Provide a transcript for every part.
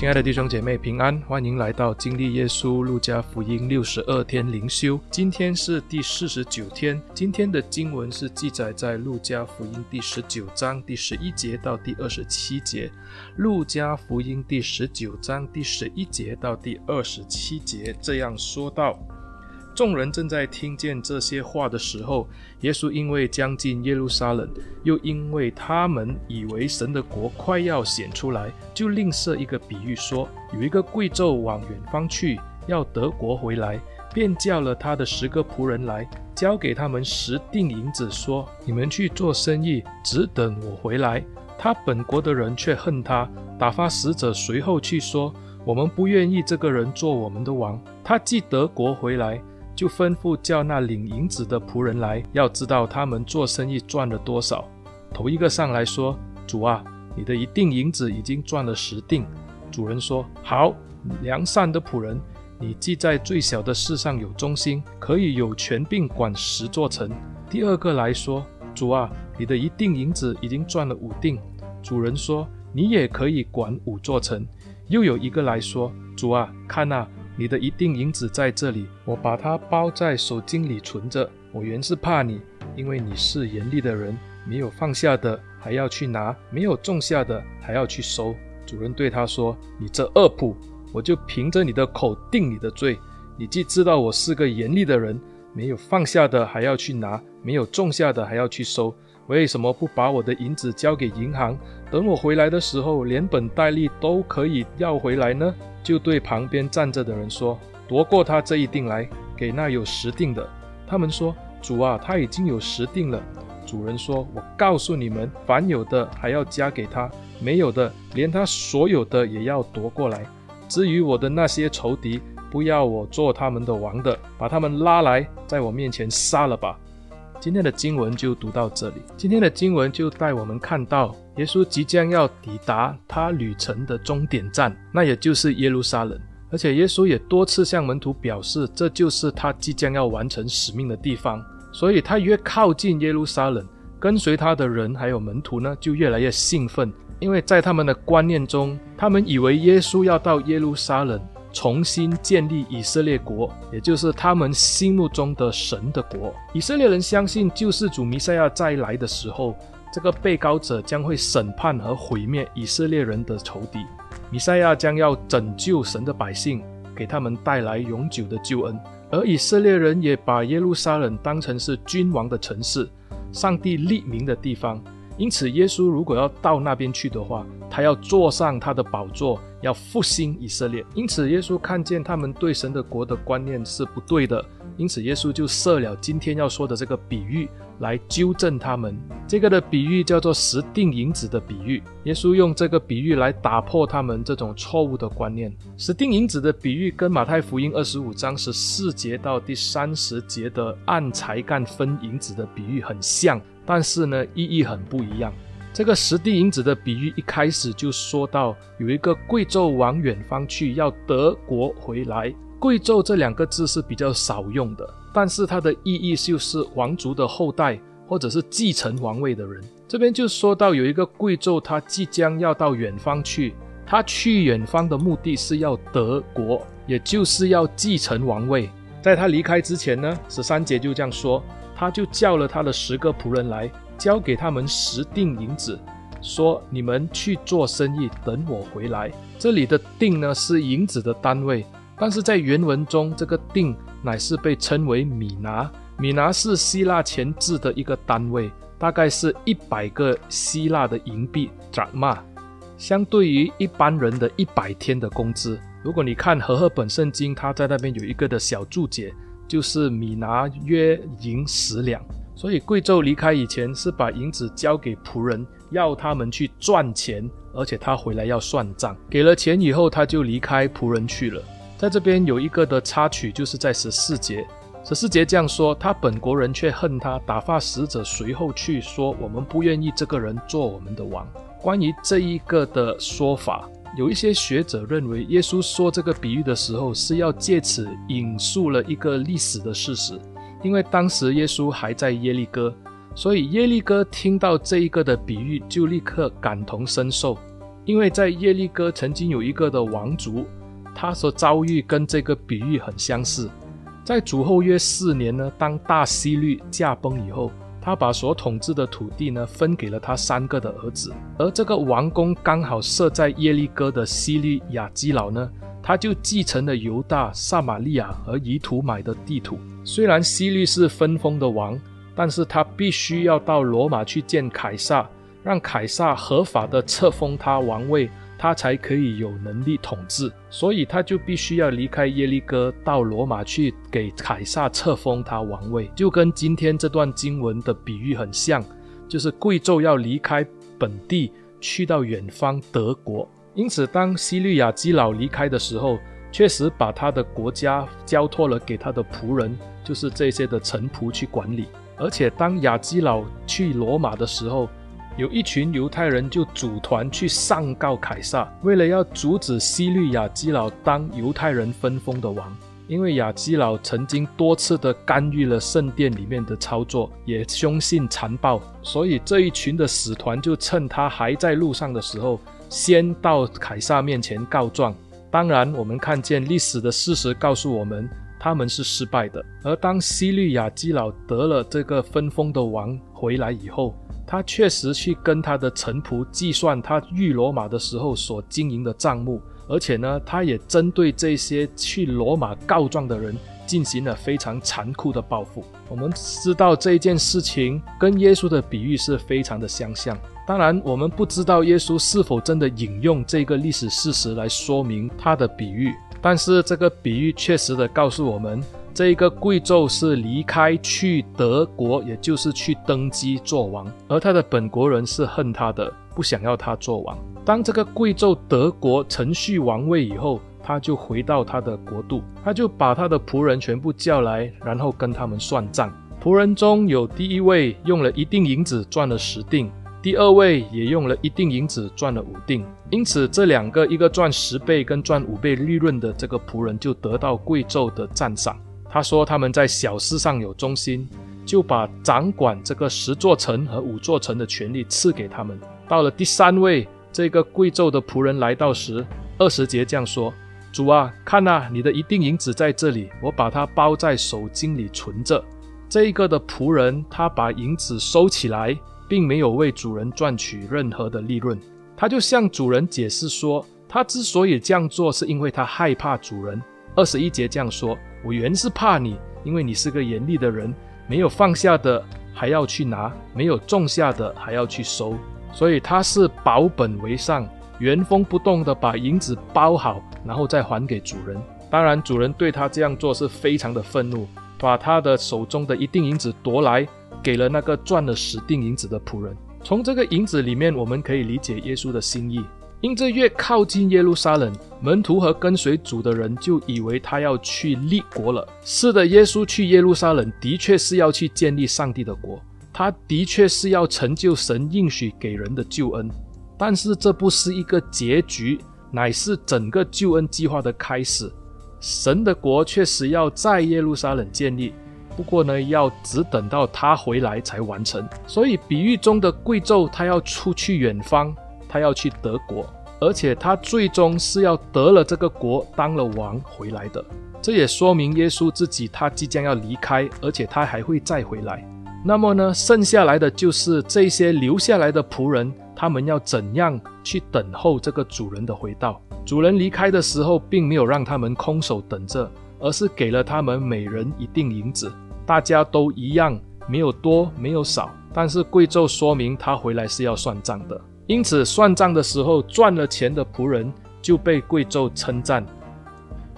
親愛的弟兄姐妹平安，歡迎來到經歷耶穌路加福音六十二天靈修。今天是第四十九天，今天的經文是記載在路加福音第十九章第十一節到第二十七節。路加福音第十九章第十一節到第二十七節這樣說道。眾人正在聽見這些話的時候，耶穌因為將近耶路撒冷，又因為他們以為神的國快要顯出來，就另設一個比喻說：有一個貴胄往遠方去，要得國回來，便叫了他的十個僕人來，交給他們十錠銀子，說：“你們去做生意，直等我回來。”他本國的人卻恨他，打發使者隨後去說：“我們不願意這個人做我們的王，他既得國回來。”就吩咐叫那領銀子的僕人來，要知道他們做生意賺了多少。頭一個上來說：“主啊，你的一錠銀子已經賺了十錠。”主人說：“好，良善的僕人，你既在最小的事上有忠心，可以有權柄管十座城。”第二個來說：“主啊，你的一錠銀子已經賺了五錠。”主人說：“你也可以管五座城。”又有一個來說：“主啊，看哪。”你的一錠銀子在這裡，我把它包在手巾裡存着。我原是怕你，因為你是嚴厲的人，沒有放下的還要去拿，沒有種下的還要去收。主人對他說：“你這惡僕，我就憑着你的口定你的罪。你既知道我是個嚴厲的人，沒有放下的還要去拿，沒有種下的還要去收。”為什麼不把我的銀子交給銀行，等我回來的時候連本帶利都可以要回來呢？就對旁邊站着的人說：“奪過他這一錠來，給那有十錠的。”他們說：“主啊，他已經有十錠了。”主人說：“我告訴你們，凡有的還要加給他，沒有的連他所有的也要奪過來。至於我的那些仇敵，不要我做他們的王的，把他們拉來，在我面前殺了吧。”今天的經文就讀到這裡。今天的經文就帶我們看到，耶穌即將要抵達他旅程的終點站，那也就是耶路撒冷。而且耶穌也多次向門徒表示，這就是他即將要完成使命的地方。所以他越靠近耶路撒冷，跟隨他的人還有門徒呢，就越來越興奮，因為在他們的觀念中，他們以為耶穌要到耶路撒冷。重新建立以色列國，也就是他們心目中的神的國。以色列人相信救世主彌賽亞再來的時候，這個被膏者將會審判和毀滅以色列人的仇敵，彌賽亞將要拯救神的百姓，給他們帶來永久的救恩。而以色列人也把耶路撒冷當成是君王的城市，上帝立名的地方。因此，耶穌如果要到那邊去的話，他要坐上他的寶座。要復興以色列，因此耶穌看見他們對神的國的觀念是不對的，因此耶穌就設了今天要說的這個比喻來糾正他們。這個的比喻叫做“十錠銀子”的比喻。耶穌用這個比喻來打破他們這種錯誤的觀念。“十錠銀子”的比喻跟馬太福音二十五章十四節到第三十節的按才幹分銀子的比喻很像，但是呢，意義很不一樣。這個十錠銀子的比喻，一開始就說到，有一個貴胄往遠方去，要得國回來。貴胄這兩個字是比較少用的，但是它的意義就是王族的後代或者是繼承王位的人。這邊就說到有一個貴胄，他即將要到遠方去，他去遠方的目的是要得國，也就是要繼承王位。在他離開之前呢，十三節就這樣說，他就叫了他的十個僕人來。交給他們十錠銀子，說：“你們去做生意，等我回來。”這裡的呢“錠”呢是銀子的單位，但是在原文中，這個“錠”乃是被稱為米“彌拿”。彌拿是希臘錢制的一個單位，大概是一百個希臘的銀幣 Drachma，相對於一般人的一百天的工資，如果你看和合本聖經，他在那邊有一個的小注解，就是彌拿約銀十兩。所以貴冑離開以前，是把銀子交給僕人，要他們去賺錢，而且他回來要算賬。給了錢以後，他就離開僕人去了。在這邊有一個的插曲，就是在十四節。十四節這樣說，他本國人卻恨他，打發使者隨後去說：“我們不願意這個人做我們的王。”關於這一個的說法，有一些學者認為，耶穌說這個比喻的時候，是要借此引述了一個歷史的事實。因為當時耶穌還在耶利哥，所以耶利哥聽到這一個的比喻，就立刻感同身受。因為在耶利哥曾經有一個的王族，他所遭遇，跟這個比喻很相似。在主後約四年呢，當大希律駕崩以後，他把所統治的土地呢，分給了他三個的兒子，而這個王宮剛好設在耶利哥的希律亞基老呢，他就繼承了猶大、撒瑪利亞和以土買的地土。雖然希律是分封的王，但是他必須要到羅馬去見凱撒，讓凱撒合法的冊封他王位，他才可以有能力統治。所以他就必須要離開耶利哥，到羅馬去給凱撒冊封他王位。就跟今天這段經文的比喻很像，就是貴胄要離開本地，去到遠方得國。因此，當希律亞基佬離開的時候，確實把他的國家交托了給他的僕人，就是這些的臣僕去管理。而且，當亞基佬去羅馬的時候，有一群猶太人就組團去上告凱撒，為了要阻止希律亞基佬當猶太人分封的王，因為亞基佬曾經多次的干預了聖殿裡面的操作，也兇性殘暴，所以這一群的使團就趁他還在路上的時候。先到凱撒面前告狀。當然，我們看見歷史的事實告訴我們，他們是失敗的。而當希律亞基佬得了這個分封的王回來以後，他確實去跟他的臣僕計算他赴羅馬的時候所經營的賬目，而且呢，他也針對這些去羅馬告狀的人進行了非常殘酷的報復。我們知道這件事情跟耶穌的比喻是非常的相像。當然，我們不知道耶穌是否真的引用這個歷史事實來說明他的比喻，但是這個比喻確實的告訴我們，這一個貴胄是離開去得國，也就是去登基做王，而他的本國人是恨他的，不想要他做王。當這個貴胄得國承續王位以後，他就回到他的國度，他就把他的僕人全部叫來，然後跟他們算賬。僕人中有第一位用了一錠銀子賺了十錠。第二位也用了一錠銀子賺了五錠，因此這兩個一個賺十倍跟賺五倍利潤的這個僕人就得到貴胄的讚賞。他說他們在小事上有忠心，就把掌管這個十座城和五座城的權利賜給他們。到了第三位這個貴胄的僕人來到時，二十節這樣說：“主啊，看哪、啊，你的一錠銀子在這裡，我把它包在手巾裡存着。”這一個的僕人他把銀子收起來並沒有為主人賺取任何的利潤，他就向主人解釋說，他之所以這樣做，是因為他害怕主人。二十一節這樣說：“我原是怕你，因為你是個嚴厲的人，沒有放下的還要去拿，沒有種下的還要去收。”所以他是保本為上，原封不動的把銀子包好，然後再還給主人。當然，主人對他這樣做是非常的憤怒，把他的手中的一錠銀子奪來。給了那個賺了十錠銀子的僕人。從這個銀子裡面，我們可以理解耶穌的心意。因這越靠近耶路撒冷，門徒和跟隨主的人就以為他要去立國了。是的，耶穌去耶路撒冷的確是要去建立上帝的國，他的確是要成就神應許給人的救恩。但是這不是一個結局，乃是整個救恩計劃的開始。神的國確實要在耶路撒冷建立。不過呢，要只等到他回來才完成。所以比喻中的貴冑，他要出去遠方，他要去得國，而且他最終是要得了這個國，當了王回來的。這也說明耶穌自己，他即將要離開，而且他還會再回來。那麼呢，剩下來的就是這些留下來的僕人，他們要怎樣去等候這個主人的回到？主人離開的時候，並沒有讓他們空手等着，而是給了他們每人一錠銀子。大家都一樣，沒有多，沒有少。但是貴冑說明他回來是要算賬的，因此算賬的時候，賺了錢的僕人就被貴冑稱讚。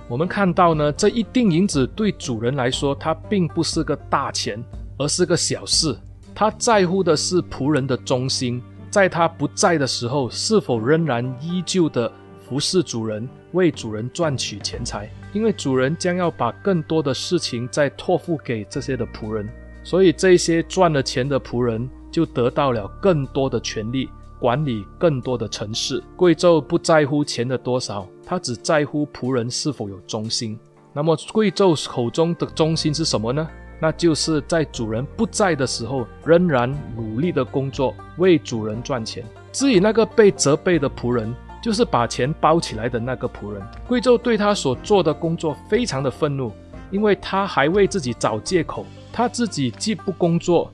我們看到呢，這一錠銀子對主人來說，它並不是個大錢，而是個小事。他在乎的是僕人的忠心，在他不在的時候，是否仍然依舊的服侍主人，為主人賺取錢財。因為主人將要把更多的事情再託付給這些的僕人，所以這些賺了錢的僕人就得到了更多的權力，管理更多的城市。貴冑不在乎錢的多少，他只在乎僕人是否有忠心。那麼貴冑口中的忠心是什麼呢？那就是在主人不在的時候，仍然努力的工作，為主人賺錢。至於那個被責備的僕人，就是把錢包起來的那個僕人，貴胄對他所做的工作非常的憤怒，因為他還為自己找借口，他自己既不工作，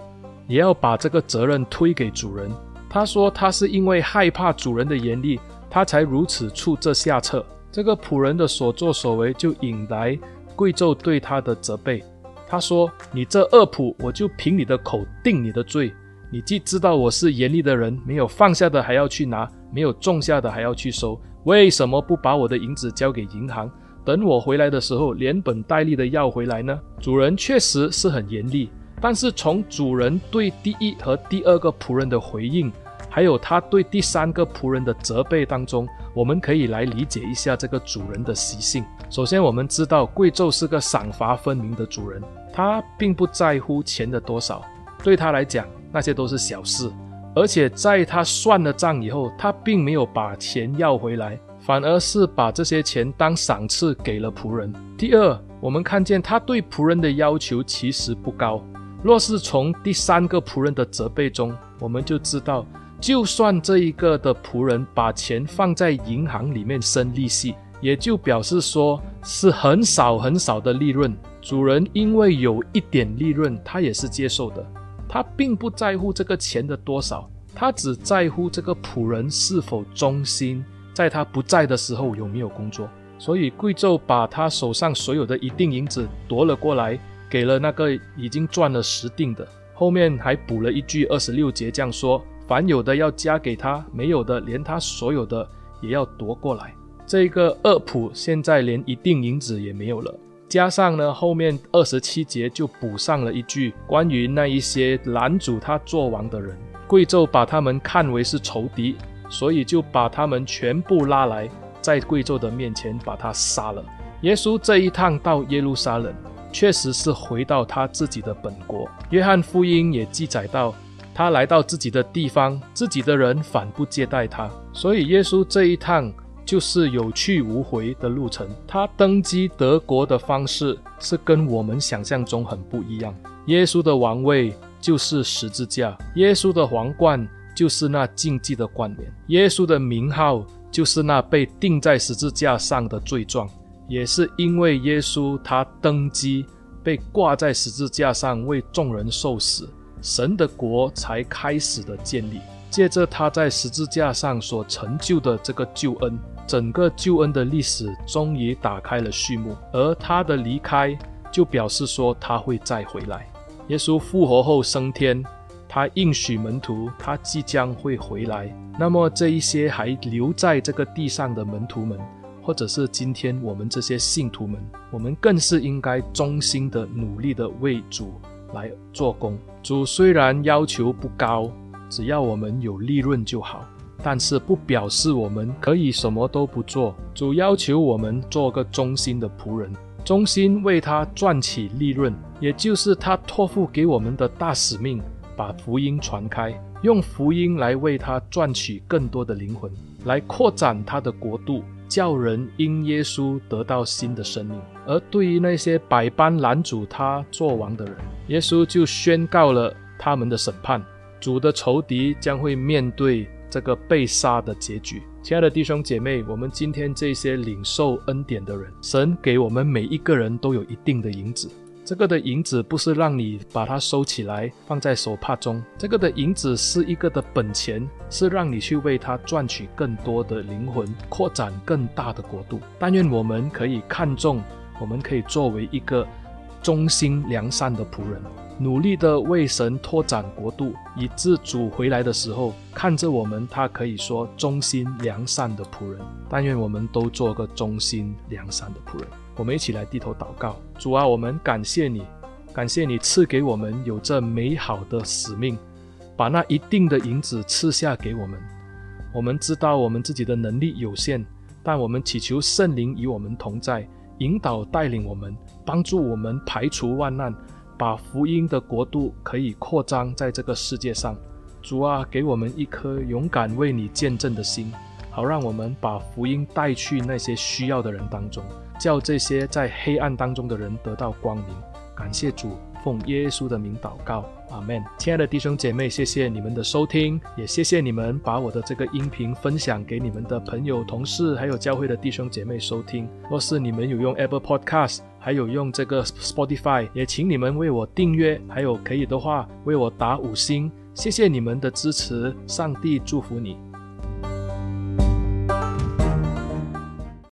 也要把這個責任推給主人。他說他是因為害怕主人的嚴厲，他才如此出這下策。這個僕人的所作所為就引來貴胄對他的責備。他說：“你這惡僕，我就憑你的口定你的罪。你既知道我是嚴厲的人，沒有放下的還要去拿。”沒有種下的還要去收，為什麼不把我的銀子交給銀行，等我回來的時候，連本帶利的要回來呢？主人確實是很嚴厲，但是從主人對第一和第二個僕人的回應，還有他對第三個僕人的責備當中，我們可以來理解一下這個主人的習性。首先，我們知道貴胄是個賞罰分明的主人，他並不在乎錢的多少，對他來講那些都是小事。而且在他算了賬以後，他並沒有把錢要回來，反而是把這些錢當賞賜給了僕人。第二，我們看見他對僕人的要求其實不高。若是從第三個僕人的責備中，我們就知道，就算這一個的僕人把錢放在銀行裡面生利息，也就表示說是很少很少的利潤。主人因為有一點利潤，他也是接受的。他並不在乎這個錢的多少，他只在乎這個僕人是否忠心，在他不在的時候有沒有工作。所以貴胄把他手上所有的一錠銀子奪了過來，給了那個已經賺了十錠的。後面還補了一句二十六節，講說：凡有的要加給他，沒有的連他所有的也要奪過來。這個二僕現在連一錠銀子也沒有了。加上呢，後面二十七節就補上了一句關於那一些攔阻他作王的人，貴胄把他們看為是仇敵，所以就把他們全部拉來，在貴胄的面前把他殺了。耶穌這一趟到耶路撒冷，確實是回到他自己的本國。約翰福音也記載到，他來到自己的地方，自己的人反不接待他，所以耶穌這一趟。就是有去無回的路程。他登基得國的方式是跟我們想象中很不一樣。耶穌的王位就是十字架，耶穌的皇冠就是那荊棘的冠冕，耶穌的名號就是那被釘在十字架上的罪狀。也是因為耶穌他登基，被掛在十字架上為眾人受死，神的國才開始的建立。借着他在十字架上所成就的這個救恩。整個救恩的歷史終於打開了序幕，而他的離開就表示說他會再回來。耶穌復活後升天，他應許門徒他即將會回來。那麼這一些還留在這個地上的門徒們，或者是今天我們這些信徒們，我們更是應該忠心的努力的為主來做工。主雖然要求不高，只要我們有利潤就好。但是不表示我們可以什麼都不做，主要求我們做個忠心的僕人，忠心為他賺取利潤，也就是他托付給我們的大使命，把福音傳開，用福音來為他賺取更多的靈魂，來擴展他的國度，叫人因耶穌得到新的生命。而對於那些百般攔阻他作王的人，耶穌就宣告了他們的審判。主的仇敵將會面對。這個被殺的結局，親愛的弟兄姐妹，我們今天這些領受恩典的人，神給我們每一個人都有一定的銀子。這個的銀子不是讓你把它收起來放在手帕中，這個的銀子是一個的本錢，是讓你去為它賺取更多的靈魂，擴展更大的國度。但願我們可以看重，我們可以作為一個忠心良善的僕人。努力地為神拓展國度，以致主回來的時候看着我們，他可以說忠心良善的僕人。但願我們都做個忠心良善的僕人。我們一起來低頭禱告：主啊，我們感謝你，感謝你賜給我們有這美好的使命，把那一錠的銀子賜下給我們。我們知道我們自己的能力有限，但我們祈求聖靈與我們同在，引導帶領我們，幫助我們排除萬難。把福音的國度可以擴張在這個世界上，主啊，給我們一顆勇敢為你見證的心，好讓我們把福音帶去那些需要的人當中，叫這些在黑暗當中的人得到光明。感謝主。用耶穌的名禱告，阿門。親愛的弟兄姐妹，謝謝你們的收聽，也謝謝你們把我的這個音頻分享給你們的朋友、同事，還有教會的弟兄姐妹收聽。若是你們有用 Apple Podcast，還有用這個 Spotify，也請你們為我訂閱，還有可以的話為我打五星。謝謝你們的支持，上帝祝福你。